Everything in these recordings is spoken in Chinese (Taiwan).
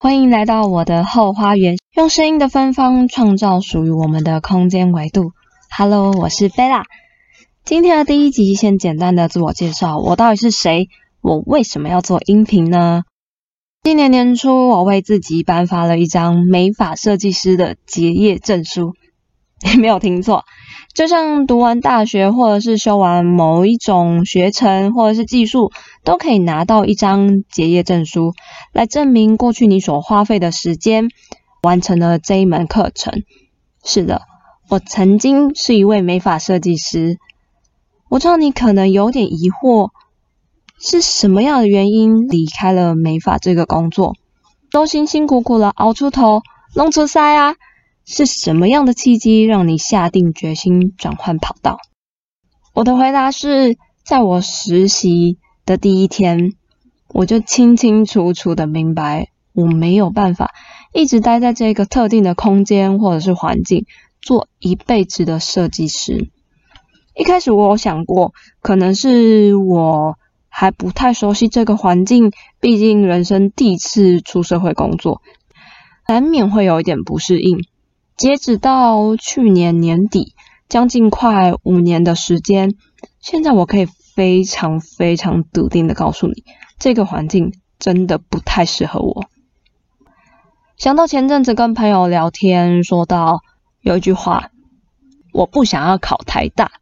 歡迎來到我的後花園，用聲音的芬芳創造屬於我們的空間維度。Hello，我是貝拉。今天的第一集先簡單的自我介紹，我到底是誰？我為什麼要做音頻呢？今年年初，我為自己頒發了一張美髮設計師的結業證書。你沒有聽錯，就像讀完大學，或者是修完某一種學程，或者是技術，都可以拿到一張結業證書，來證明過去你所花費的時間完成了這一門課程。是的，我曾經是一位美髮設計師。我知道你可能有點疑惑，是什麼樣的原因離開了美髮這個工作？都辛辛苦苦的熬出頭，弄出塞啊！是什麼樣的契機讓你下定決心轉換跑道？我的回答是在我實習的第一天，我就清清楚楚的明白，我沒有辦法一直待在這個特定的空間或者是環境，做一輩子的設計師。一開始我有想過，可能是我還不太熟悉這個環境，畢竟人生第一次出社會工作，難免會有一點不適應。截止到去年年底，將近快五年的時間，現在我可以非常非常篤定的告訴你，這個環境真的不太適合我。想到前陣子跟朋友聊天，說到有一句話，我不想要考台大，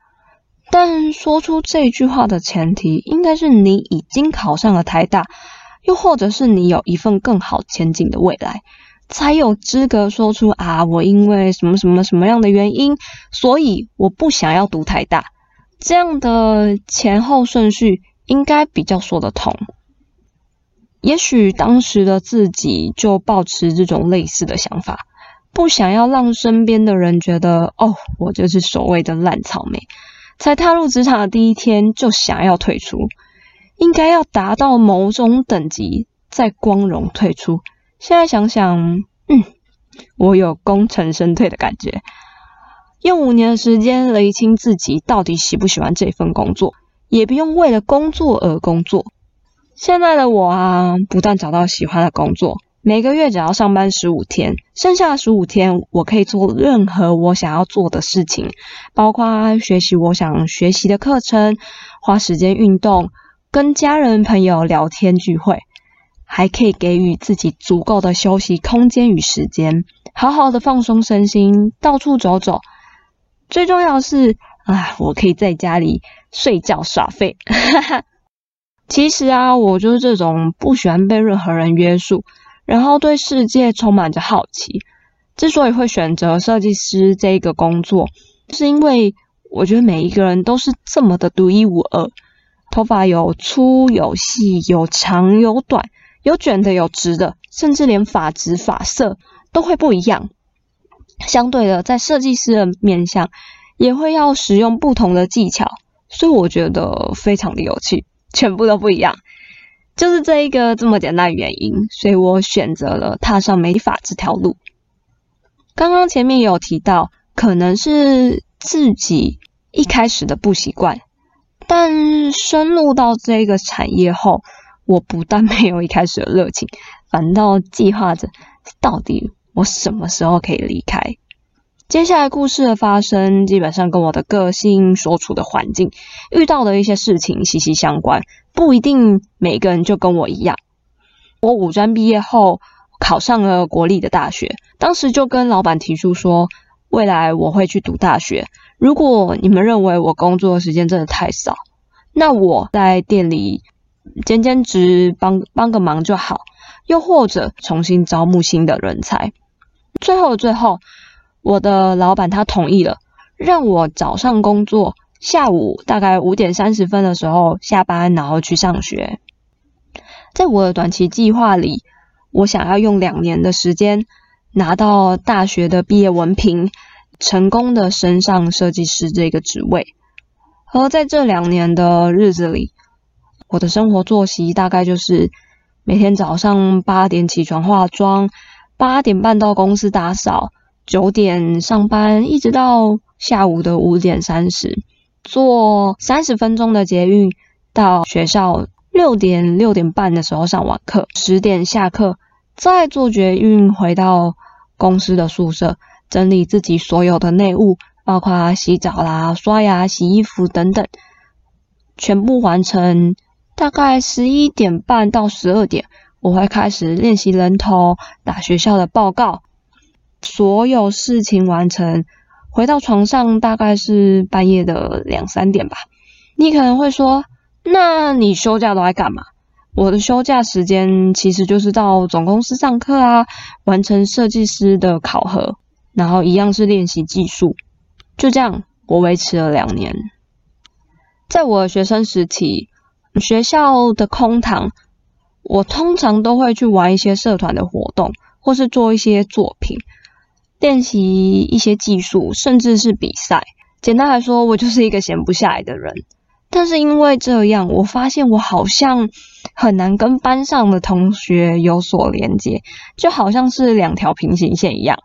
但說出這句話的前提，應該是你已經考上了台大，又或者是你有一份更好前景的未來。才有資格說出啊，我因為什麼什麼什麼樣的原因，所以我不想要讀太大，這樣的前後順序應該比較說得通。也許當時的自己就抱持這種類似的想法，不想要讓身邊的人覺得哦，我就是所謂的爛草莓，才踏入職場的第一天就想要退出，應該要達到某種等級再光榮退出。現在想想，嗯，我有功成身退的感覺。用五年的時間釐清自己到底喜不喜歡這份工作，也不用為了工作而工作。現在的我啊，不但找到喜歡的工作，每個月只要上班十五天，剩下的十五天我可以做任何我想要做的事情，包括學習我想學習的課程，花時間運動，跟家人朋友聊天聚會。還可以給予自己足夠的休息空間與時間，好好的放鬆身心，到處走走。最重要的是啊，我可以在家裡睡覺耍廢。 其實啊，我就是這種不喜歡被任何人約束，然後對世界充滿着好奇。之所以會選擇設計師這個工作，是因為我覺得每一個人都是這麼的獨一無二，頭髮有粗有細，有長有短。有捲的，有直的，甚至連髮質、髮色都會不一樣。相對的，在設計師的面向，也會要使用不同的技巧，所以我覺得非常的有趣，全部都不一樣，就是這一個這麼簡單的原因，所以我選擇了踏上美髮這條路。剛剛前面有提到，可能是自己一開始的不習慣，但深入到這個產業後。我不但沒有一開始的熱情，反倒計劃着到底我什麼時候可以離開。接下來故事的發生基本上跟我的個性、所處的環境、遇到的一些事情息息相關，不一定每個人就跟我一樣。我五專畢業後考上了國立的大學，當時就跟老闆提出說，未來我會去讀大學。如果你們認為我工作的時間真的太少，那我在店裡。兼兼職幫幫個忙就好，又或者重新招募新的人才。最後最後，我的老板他同意了，讓我早上工作，下午大概五點三十分的時候下班，然後去上學。在我的短期計劃裡，我想要用兩年的時間拿到大學的畢業文憑，成功的升上設計師這個職位。而在這兩年的日子裡，我的生活作息大概就是每天早上八點起床化妝，八點半到公司打掃，九點上班，一直到下午的五點三十，坐三十分鐘的捷運到學校，六點六點半的時候上晚課，十點下課，再坐捷運回到公司的宿舍，整理自己所有的內務，包括洗澡啦、刷牙、洗衣服等等，全部完成。大概十一點半到十二點，我會開始練習人頭打學校的報告，所有事情完成，回到床上大概是半夜的兩三點吧。你可能會說，那你休假都在幹嘛？我的休假時間其實就是到總公司上課啊，完成設計師的考核，然後一樣是練習技術。就這樣，我維持了兩年，在我的學生時期。學校的空堂，我通常都會去玩一些社團的活動，或是做一些作品，練習一些技術，甚至是比賽。簡單來說，我就是一個閒不下來的人。但是因為這樣，我發現我好像很難跟班上的同學有所連接，就好像是兩條平行線一樣。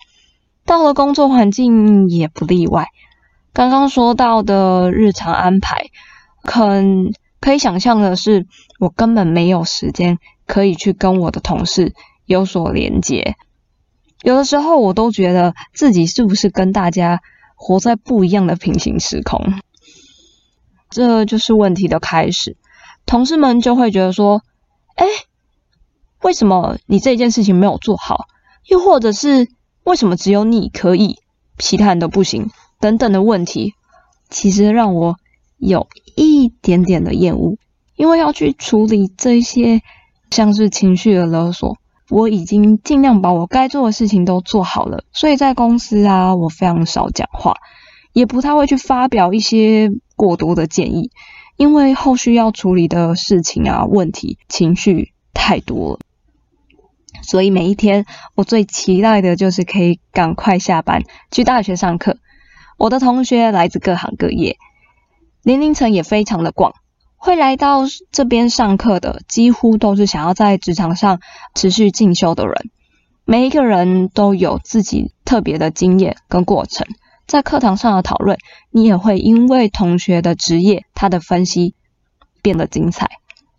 到了工作環境也不例外。剛剛說到的日常安排，肯。可以想象的是，我根本沒有時間可以去跟我的同事有所連接。有的時候，我都覺得自己是不是跟大家活在不一樣的平行時空？這就是問題的開始。同事們就會覺得說：“哎，為什麼你這件事情沒有做好？又或者是為什麼只有你可以，其他人都不行？”等等的問題，其實讓我。有一點點的厭惡，因為要去處理這些像是情緒的勒索。我已經盡量把我該做的事情都做好了，所以在公司啊，我非常少講話，也不太會去發表一些過多的建議，因為後續要處理的事情啊、問題、情緒太多了。所以每一天，我最期待的就是可以趕快下班，去大學上課。我的同學來自各行各業。年齡層也非常的廣，會來到這邊上課的幾乎都是想要在職場上持續進修的人。每一個人都有自己特別的經驗跟過程，在課堂上的討論，你也會因為同學的職業他的分析變得精彩。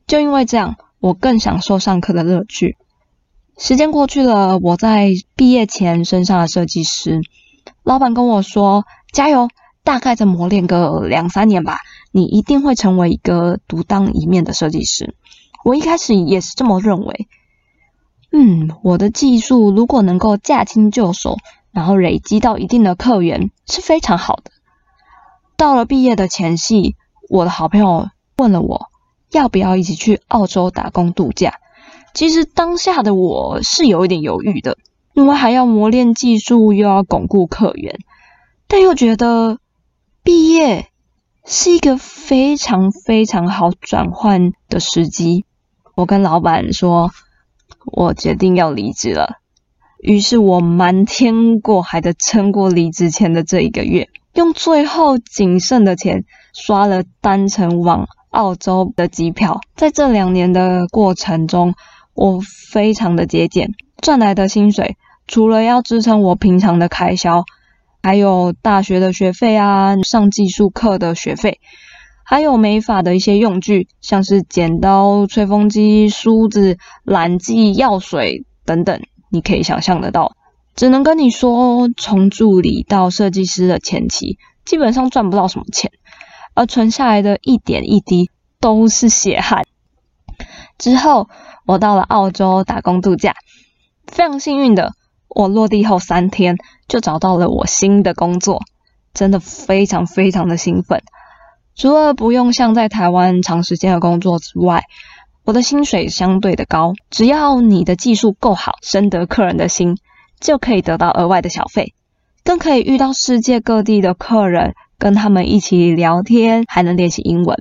就因為這樣，我更享受上課的樂趣。時間過去了，我在畢業前升上了設計師，老板跟我說：“加油！”大概再磨練個兩三年吧，你一定會成為一個獨當一面的設計師。我一開始也是這麼認為。嗯，我的技術如果能夠駕輕就熟，然後累積到一定的客源，是非常好的。到了畢業的前夕，我的好朋友問了我，要不要一起去澳洲打工度假？其實當下的我是有一點猶豫的，因為還要磨練技術，又要鞏固客源，但又覺得。畢業是一個非常非常好轉換的時機。我跟老闆說，我決定要離職了。於是我瞞天過海的撐過離職前的這一個月，用最後僅剩的錢刷了單程往澳洲的機票。在這兩年的過程中，我非常的節儉，賺來的薪水除了要支撐我平常的開銷。還有大學的學費啊，上技術課的學費，還有美髮的一些用具，像是剪刀、吹風機、梳子、染劑、藥水等等，你可以想象得到。只能跟你說，從助理到設計師的前期，基本上賺不到什麼錢，而存下來的一點一滴都是血汗。之後我到了澳洲打工度假，非常幸運的。我落地後三天就找到了我新的工作，真的非常非常的興奮。除了不用像在台灣長時間的工作之外，我的薪水相對的高。只要你的技術夠好，深得客人的心，就可以得到額外的小費，更可以遇到世界各地的客人，跟他們一起聊天，還能練習英文，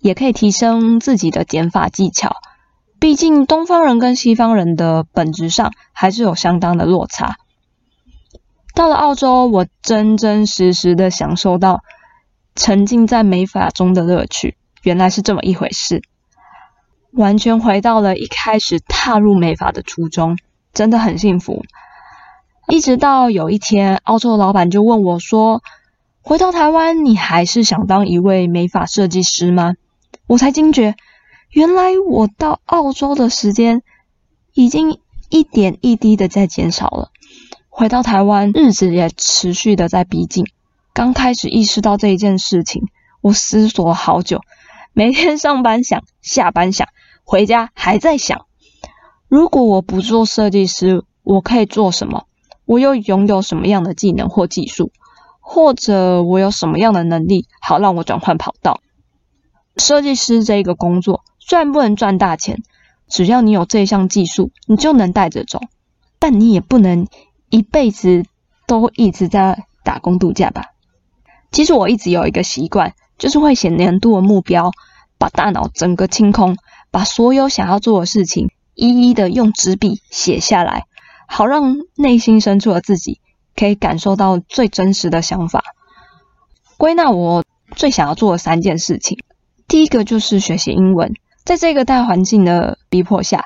也可以提升自己的剪髮技巧。畢竟東方人跟西方人的本質上還是有相當的落差。到了澳洲，我真真實實的享受到沉浸在美髮中的樂趣，原來是這麼一回事，完全回到了一開始踏入美髮的初衷，真的很幸福。一直到有一天，澳洲的老板就問我說：“回到台灣，你還是想當一位美髮設計師嗎？”我才驚覺。原來我到澳洲的時間已經一點一滴的在減少了，回到台灣日子也持續的在逼近。剛開始意識到這一件事情，我思索了好久，每天上班想，下班想，回家還在想。如果我不做設計師，我可以做什麼？我又擁有什麼樣的技能或技術？或者我有什麼樣的能力，好讓我轉換跑道？設計師這一個工作，雖然不能賺大錢，只要你有這項技術，你就能帶着走。但你也不能一輩子都一直在打工度假吧？其實我一直有一個習慣，就是會寫年度的目標，把大腦整個清空，把所有想要做的事情一一的用紙筆寫下來，好讓內心深處的自己可以感受到最真實的想法。歸納我最想要做的三件事情，第一個就是學習英文。在這個大環境的逼迫下，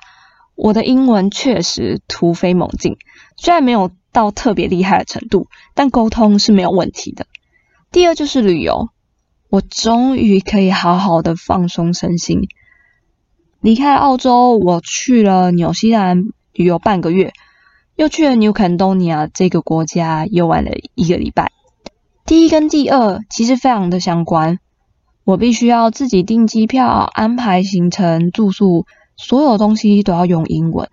我的英文確實突飛猛進，雖然沒有到特別厲害的程度，但溝通是沒有問題的。第二就是旅遊，我終於可以好好的放鬆身心。離開澳洲，我去了紐西蘭旅遊半個月，又去了 New Caledonia 這個國家遊玩了一個禮拜。第一跟第二其實非常的相關。我必須要自己訂機票、安排行程、住宿，所有東西都要用英文。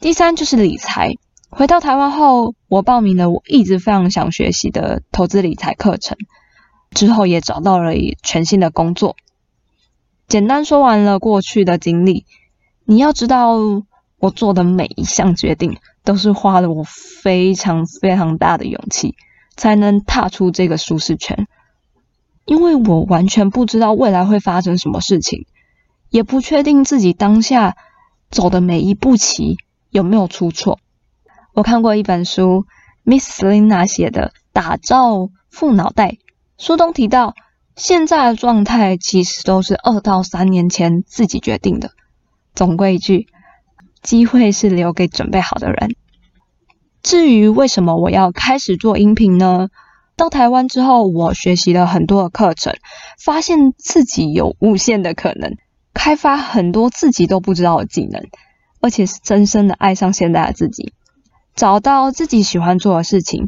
第三就是理財。回到台灣後，我報名了我一直非常想學習的投資理財課程，之後也找到了全新的工作。簡單說完了過去的經歷，你要知道，我做的每一項決定都是花了我非常非常大的勇氣，才能踏出這個舒適圈。因為我完全不知道未來會發生什麼事情，也不確定自己當下走的每一步棋有沒有出錯。我看過一本書，Miss Lina 寫的《打造富腦袋》，書中提到，現在的狀態其實都是二到三年前自己決定的。總歸一句，機會是留給準備好的人。至於為什麼我要開始做音頻呢？到台灣之後，我學習了很多的課程，發現自己有無限的可能，開發很多自己都不知道的技能，而且是深深的愛上現在的自己，找到自己喜歡做的事情，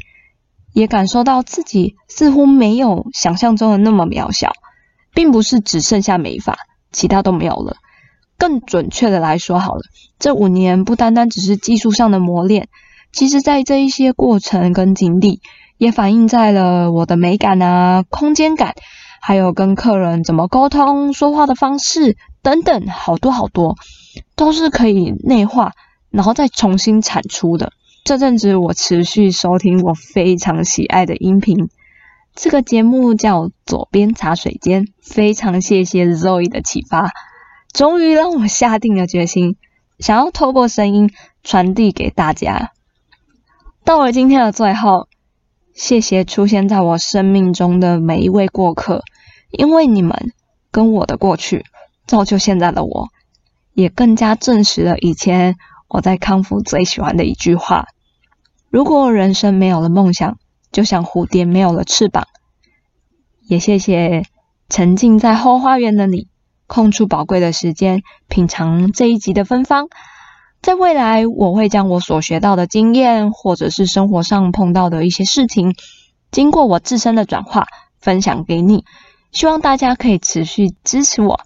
也感受到自己似乎沒有想象中的那麼渺小，並不是只剩下美髮，其他都沒有了。更準確的來說，好了，這五年不單單只是技術上的磨練，其實在這一些過程跟經歷。也反映在了我的美感啊、空間感，還有跟客人怎麼溝通、說話的方式等等，好多好多都是可以內化，然後再重新產出的。這陣子我持續收聽我非常喜愛的音頻，這個節目叫《左邊茶水間》，非常謝謝 Zoe 的啟發，終於讓我下定了決心，想要透過聲音傳遞給大家。到了今天的最後。謝謝出現在我生命中的每一位過客，因為你們跟我的過去，造就現在的我，也更加證實了以前我在康輔最喜歡的一句話：如果人生沒有了夢想，就像蝴蝶沒有了翅膀。也謝謝沉浸在 Hoo 花園的你，空出寶貴的時間，品嚐這一集的芬芳。在未來，我會將我所學到的經驗，或者是生活上碰到的一些事情，經過我自身的轉化，分享給你。希望大家可以持續支持我，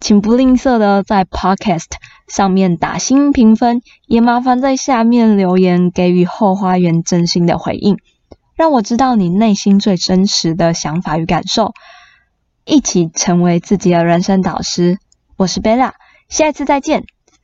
請不吝嗇的在 Podcast 上面打星評分，也麻煩在下面留言給予 Hoo 花園真心的回應，讓我知道你內心最真實的想法與感受，一起成為自己的人生導師。我是 Bella，下一次再見。